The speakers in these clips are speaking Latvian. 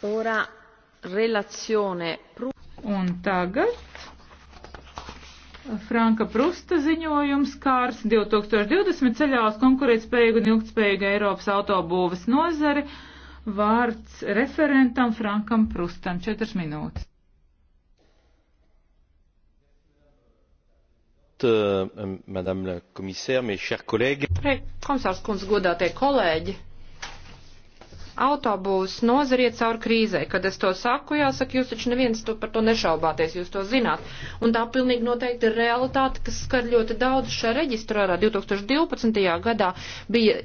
Ora relazione. Un tagad Franka Prusta ziņojums kārs 2020 ceļā uz konkurētspējīgu un ilgtspējīgu Eiropas autobūves nozari. Vārds referentam Frankam Prustam. Četras minūtes. Madame la commissaire, mes chers collègues. Komisārs kundze, godātie kolēģi, autobūs nozariet cauri krīzē. Kad es to saku, jāsaka, jūs taču neviens to par to nešaubāties, jūs to zināt. Un tā pilnīgi noteikti ir realitāte, kas skar ļoti daudz šajā reģistrārā. 2012. gadā bija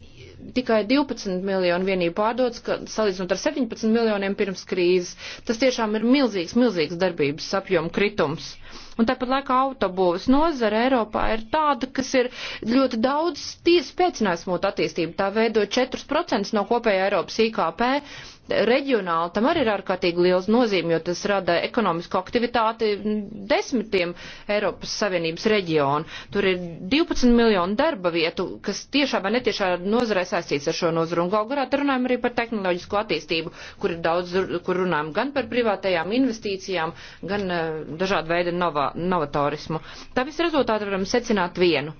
tikai 12 miljonu vienību pārdots, ka, salīdzinot ar 17 miljoniem pirms krīzes. Tas tiešām ir milzīgs, milzīgs darbības apjomu kritums. Uh, Un tāpat laikā autobūvas nozara Eiropā ir tāda, kas ir ļoti daudz tiesa pēcinājums mūtu attīstību. Tā veido 4% no kopējā Eiropas IKP reģionāli tam arī ir ārkārtīgi liels nozīme, jo tas rada ekonomisku aktivitāti desmitiem Eiropas Savienības reģionu. Tur ir 12 miljonu darba vietu, kas tiešā vai netiešā nozarē saistīts ar šo nozaru. Un galgarā te runājam arī par tehnoloģisko attīstību, kur ir daudz, kur runājam gan par privātajām investīcijām, gan uh, dažādu veidu nova, novatorismu. Tā visu rezultātu varam secināt vienu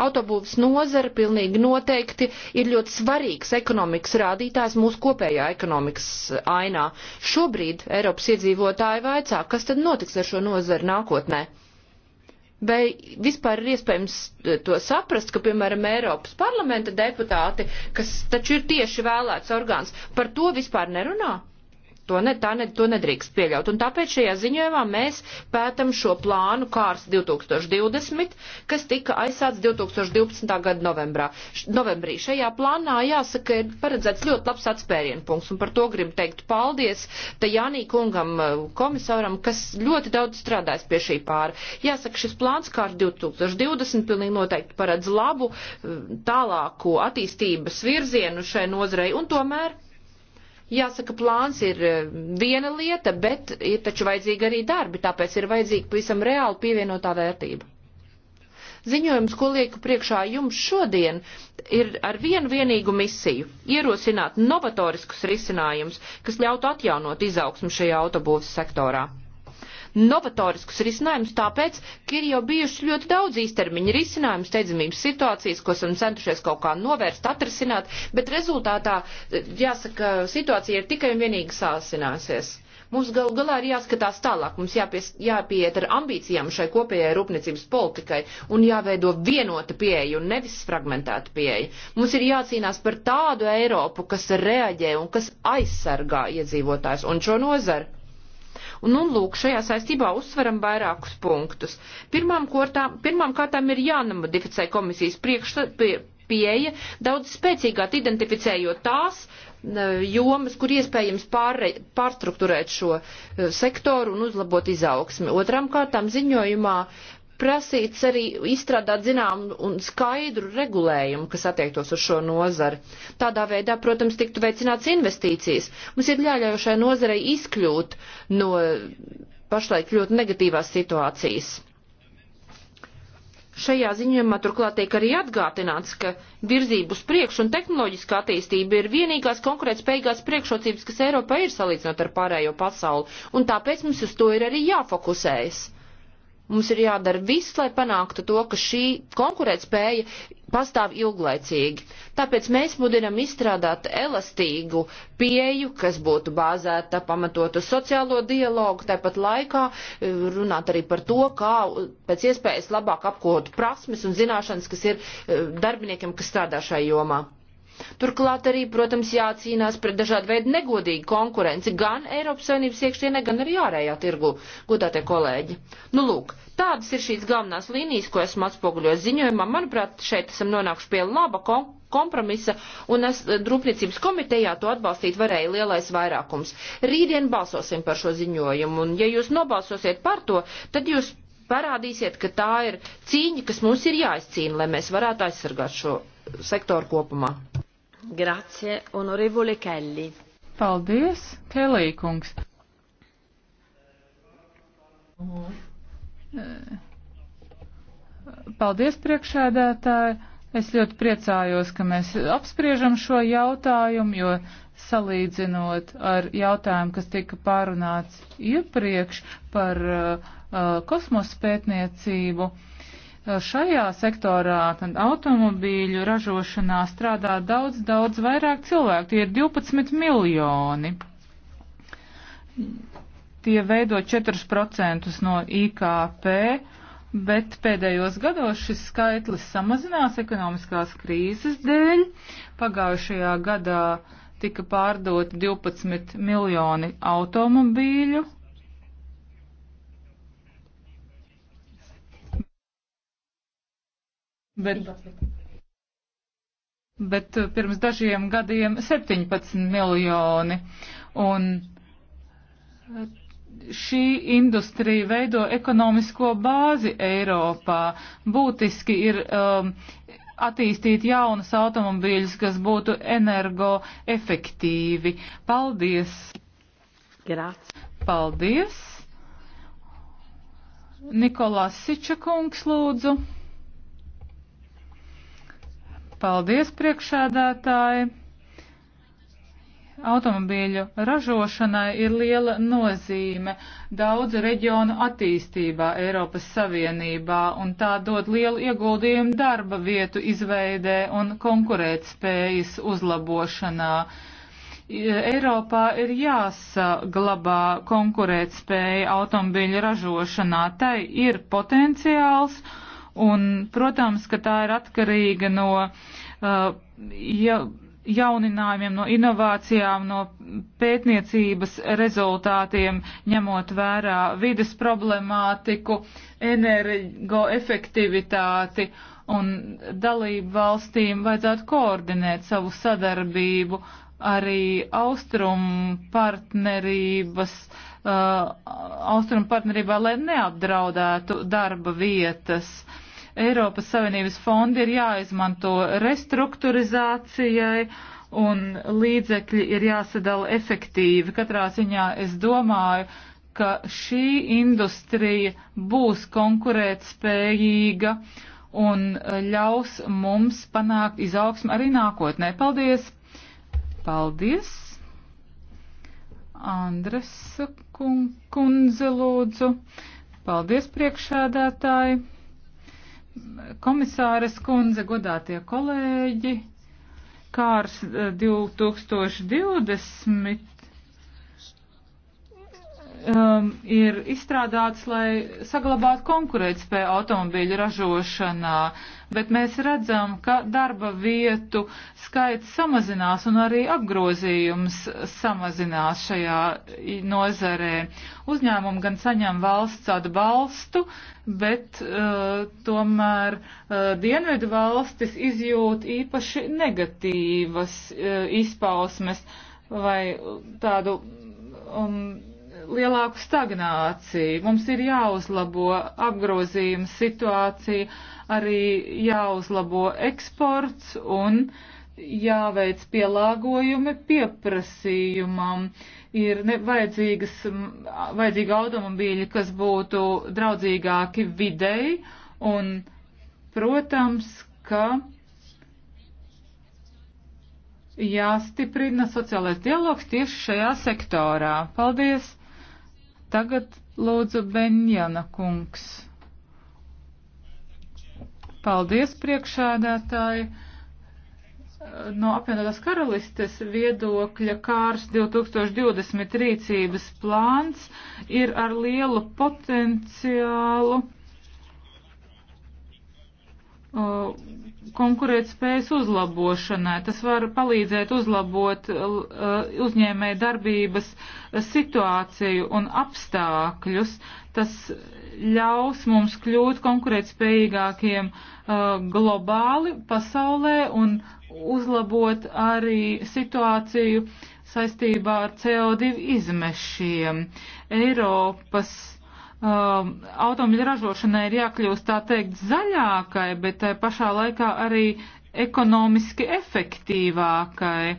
Autobūvas nozara pilnīgi noteikti ir ļoti svarīgs ekonomikas rādītājs mūsu kopējā ekonomikas ainā. Šobrīd Eiropas iedzīvotāji vaicā, kas tad notiks ar šo nozaru nākotnē. Vai vispār ir iespējams eh, to saprast, ka, piemēram, Eiropas parlamenta deputāti, kas taču ir tieši vēlēts orgāns, par to vispār nerunā? To, ne, tā ne, to nedrīkst pieļaut. Un tāpēc šajā ziņojumā mēs pētam šo plānu kārs 2020, kas tika aizsāts 2012. gada novembrā. Š, novembrī. Šajā plānā, jāsaka, ir paredzēts ļoti labs atspērienu punkts, un par to gribu teikt paldies te Janī kungam, eh, komisāram, kas ļoti daudz strādājas pie šī pāra. Jāsaka, šis plāns kārs 2020 pilnīgi noteikti paredz labu eh, tālāko attīstības virzienu šai nozarei, un tomēr Jāsaka, plāns ir e, viena lieta, bet ir taču vajadzīgi arī darbi, tāpēc ir vajadzīga pavisam reāli pievienotā vērtība. Ziņojums, ko lieku priekšā jums šodien, ir ar vienu vienīgu misiju - ierosināt novatoriskus risinājumus, kas ļautu atjaunot izaugsmu šajā autobūvas sektorā novatoriskus risinājumus, tāpēc, ka ir jau bijuši ļoti daudz īstermiņa risinājumu steidzamības situācijas, ko esam centušies kaut kā novērst, atrisināt, bet rezultātā, jāsaka, situācija ir tikai un vienīgi sāsināsies mums gal galā ir jāskatās tālāk, mums jāpies, jāpiet ar ambīcijām šai kopējai rūpniecības politikai un jāveido vienota pieeja un nevis fragmentēta pieeja. Mums ir jācīnās par tādu Eiropu, kas reaģē un kas aizsargā iedzīvotājs un šo nozaru. Un, un nu, lūk, šajā saistībā uzsveram vairākus punktus. Pirmām, kortām, pirmām kārtām ir jānamodificē komisijas priekš, pie, pieeja, daudz spēcīgāk identificējot tās e, jomas, kur iespējams pārre, pārstruktūrēt šo e, sektoru un uzlabot izaugsmi. Otram kārtām ziņojumā prasīts arī izstrādāt zināmu un skaidru regulējumu, kas attiektos uz šo nozari. Tādā veidā, protams, tiktu veicināts investīcijas. Mums ir jāļauj šai nozarei izkļūt no pašlaik ļoti negatīvās situācijas. Šajā ziņojumā turklāt tiek arī atgātināts, ka virzību uz priekšu un tehnoloģiskā attīstība ir vienīgās konkurētspējīgās priekšrocības, kas Eiropā ir salīdzinot ar pārējo pasauli, un tāpēc mums uz to ir arī jāfokusējas. Mums ir jādara viss, lai panāktu to, ka šī konkurētspēja pastāv ilglaicīgi. Tāpēc mēs mudinam izstrādāt elastīgu pieju, kas būtu bāzēta pamatot uz sociālo dialogu, tāpat laikā e, runāt arī par to, kā pēc iespējas labāk apkot prasmes un zināšanas, kas ir e, darbiniekiem, kas strādā šai jomā. Turklāt arī, protams, jācīnās pret dažādu veidu negodīgu konkurenci gan Eiropas Savienības iekšienē, gan arī ārējā tirgu, godātie kolēģi. Nu, lūk, tādas ir šīs galvenās līnijas, ko esmu atspoguļojis ziņojumā. Manuprāt, šeit esam nonākuši pie laba kom kompromisa, un es eh, Rūpniecības komitejā to atbalstīt varēja lielais vairākums. Rītdien balsosim par šo ziņojumu, un ja jūs nobalsosiet par to, tad jūs parādīsiet, ka tā ir cīņa, kas mums ir jāizcīna, lai mēs varētu aizsargāt šo sektoru kopumā. Grazie, onorevole Kelly. Paldies, Kelly kungs. Paldies, priekšēdētāji. Es ļoti priecājos, ka mēs apspriežam šo jautājumu, jo salīdzinot ar jautājumu, kas tika pārunāts iepriekš par uh, uh kosmosa pētniecību, uh, Šajā sektorā, tad automobīļu ražošanā strādā daudz, daudz vairāk cilvēku. Tie ir 12 miljoni. Tie veido 4% no IKP, bet pēdējos gados šis skaitlis samazinās ekonomiskās krīzes dēļ. Pagājušajā gadā tika pārdot 12 miljoni automobīļu Bet, bet eh, pirms dažiem gadiem 17 miljoni. Un eh, šī industrija veido ekonomisko bāzi Eiropā. Būtiski ir um, attīstīt jaunus automobīļus, kas būtu energoefektīvi. Paldies! Grāts. Paldies! Nikolās Sičakungs lūdzu. Paldies, priekšādātāji! Automobīļu ražošanai ir liela nozīme daudzu reģionu attīstībā Eiropas Savienībā, un tā dod lielu ieguldījumu darba vietu izveidē un konkurētspējas uzlabošanā. Eiropā ir jāsaglabā konkurētspēja automobīļu ražošanā. Tai ir potenciāls Un, protams, ka tā ir atkarīga no uh, ja, jauninājumiem, no inovācijām, no pētniecības rezultātiem, ņemot vērā vides problemātiku, energoefektivitāti un dalību valstīm vajadzētu koordinēt savu sadarbību arī austrumu partnerības, uh, austrumu partnerībā, lai neapdraudētu darba vietas. Uh, Eiropas Savienības fondi ir jāizmanto restruktūrizācijai un līdzekļi ir jāsadala efektīvi. Katrā ziņā es domāju, ka šī industrija būs konkurētspējīga un ļaus mums panākt izaugsmu arī nākotnē. Paldies! Paldies! Andresa kundze lūdzu. Paldies priekšādātāji! komisāras kundze, godātie kolēģi, kārs eh, 2020 um, ir izstrādāts, lai saglabātu konkurētspēju automobīļu ražošanā, bet mēs redzam, ka darba vietu skaits samazinās un arī apgrozījums samazinās šajā nozarē. Uzņēmumi gan saņem valsts atbalstu, bet uh, tomēr uh, dienvidu valstis izjūt īpaši negatīvas uh, izpausmes vai tādu. Um, lielāku stagnāciju. Mums ir jāuzlabo apgrozījuma situācija, arī jāuzlabo eksports un jāveic pielāgojumi pieprasījumam. Ir vajadzīgas, vajadzīgi automobīļi, kas būtu draudzīgāki videi un, protams, ka jāstiprina sociālais dialogs tieši šajā sektorā. Paldies! Tagad lūdzu Benjana kungs. Paldies priekšādātāji. No apvienotās karalistes viedokļa kārs 2020 rīcības plāns ir ar lielu potenciālu konkurētspējas uzlabošanai. Tas var palīdzēt uzlabot e, uzņēmēju darbības situāciju un apstākļus. Tas ļaus mums kļūt konkurētspējīgākiem e, globāli pasaulē un uzlabot arī situāciju saistībā ar CO2 izmešiem. Eiropas um, automobiļu ražošanai ir jākļūst tā teikt zaļākai, bet tai pašā laikā arī ekonomiski efektīvākai.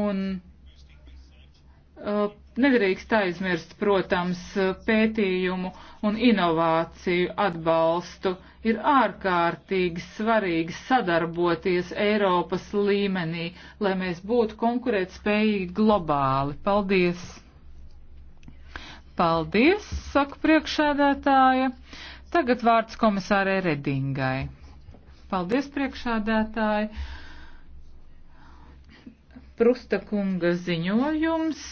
Un uh, nedrīkst aizmirst, protams, pētījumu un inovāciju atbalstu. Ir ārkārtīgi svarīgi sadarboties Eiropas līmenī, lai mēs būtu konkurētspējīgi globāli. Paldies! Paldies, saka priekšādātāja. Tagad vārds komisārai Redingai. Paldies, priekšādātāji. Prusta kunga ziņojums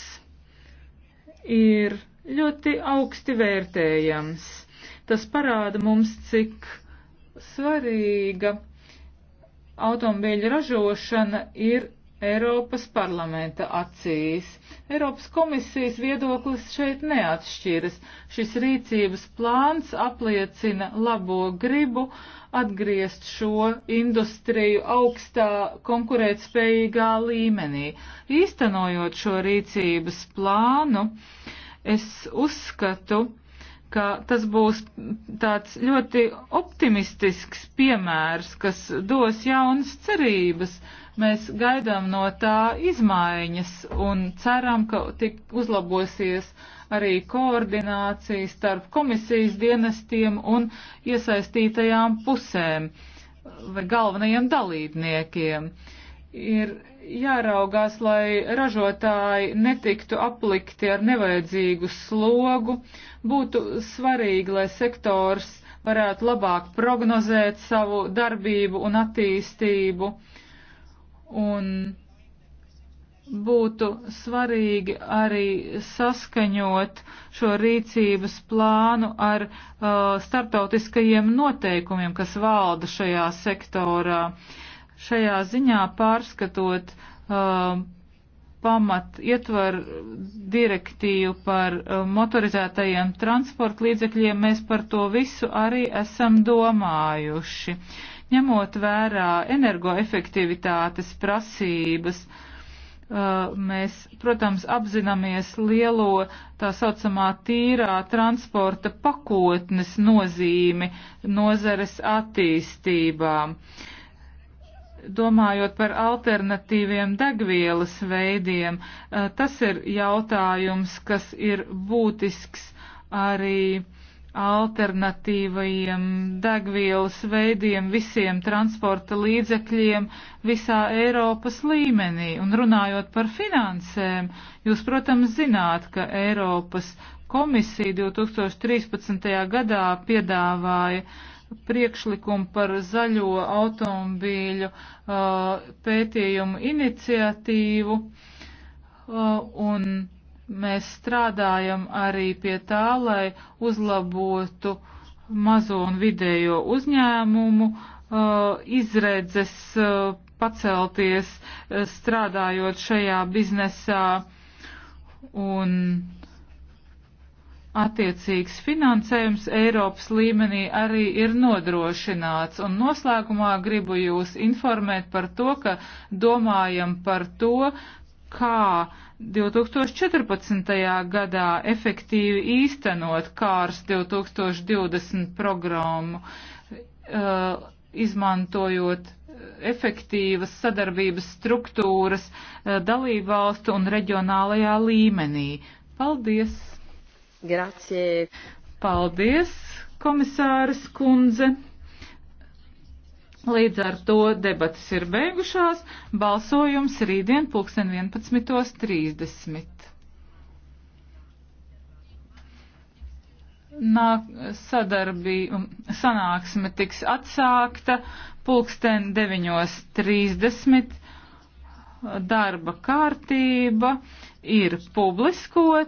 ir ļoti augsti vērtējams. Tas parāda mums, cik svarīga automobīļa ražošana ir Eiropas parlamenta acīs. Eiropas komisijas viedoklis šeit neatšķiras. Šis rīcības plāns apliecina labo gribu atgriezt šo industriju augstā konkurētspējīgā līmenī. Īstenojot šo rīcības plānu, es uzskatu, ka tas būs tāds ļoti optimistisks piemērs, kas dos jaunas cerības. Mēs gaidām no tā izmaiņas un ceram, ka tik uzlabosies arī koordinācija starp komisijas dienestiem un iesaistītajām pusēm vai galvenajiem dalībniekiem. Uh, ir jāraugās, lai ražotāji netiktu aplikti ar nevajadzīgu slogu. Būtu svarīgi, lai sektors varētu labāk prognozēt savu darbību un attīstību. Un būtu svarīgi arī saskaņot šo rīcības plānu ar uh, startautiskajiem noteikumiem, kas valda šajā sektorā. Uh, šajā ziņā pārskatot um, pamat ietver direktīvu par um, motorizētajiem transporta līdzekļiem, mēs par to visu arī esam domājuši. Ņemot vērā energoefektivitātes prasības, uh, mēs, protams, apzināmies lielo tā saucamā tīrā transporta pakotnes nozīmi nozares attīstībām. Uh, domājot par alternatīviem degvielas veidiem, eh, tas ir jautājums, kas ir būtisks arī alternatīvajiem degvielas veidiem, visiem transporta līdzekļiem visā Eiropas līmenī. Un runājot par finansēm, jūs, protams, zināt, ka Eiropas komisija 2013. gadā piedāvāja priekšlikumu par zaļo automobīļu uh, pētījumu iniciatīvu, uh, un mēs strādājam arī pie tā, lai uzlabotu mazo un vidējo uzņēmumu uh, izredzes uh, pacelties uh, strādājot šajā biznesā. Un attiecīgs finansējums Eiropas līmenī arī ir nodrošināts. Un noslēgumā gribu jūs informēt par to, ka domājam par to, kā 2014. gadā efektīvi īstenot kārs 2020 programmu, eh, izmantojot efektīvas sadarbības struktūras eh, dalībvalstu un reģionālajā līmenī. Paldies! Grazie. Paldies, komisāras kundze. Līdz ar to debatas ir beigušās. Balsojums rītdien pulksten 11.30. Nāk sadarbība, um, sanāksme tiks atsākta pulksten 9.30. Darba kārtība ir publiskot.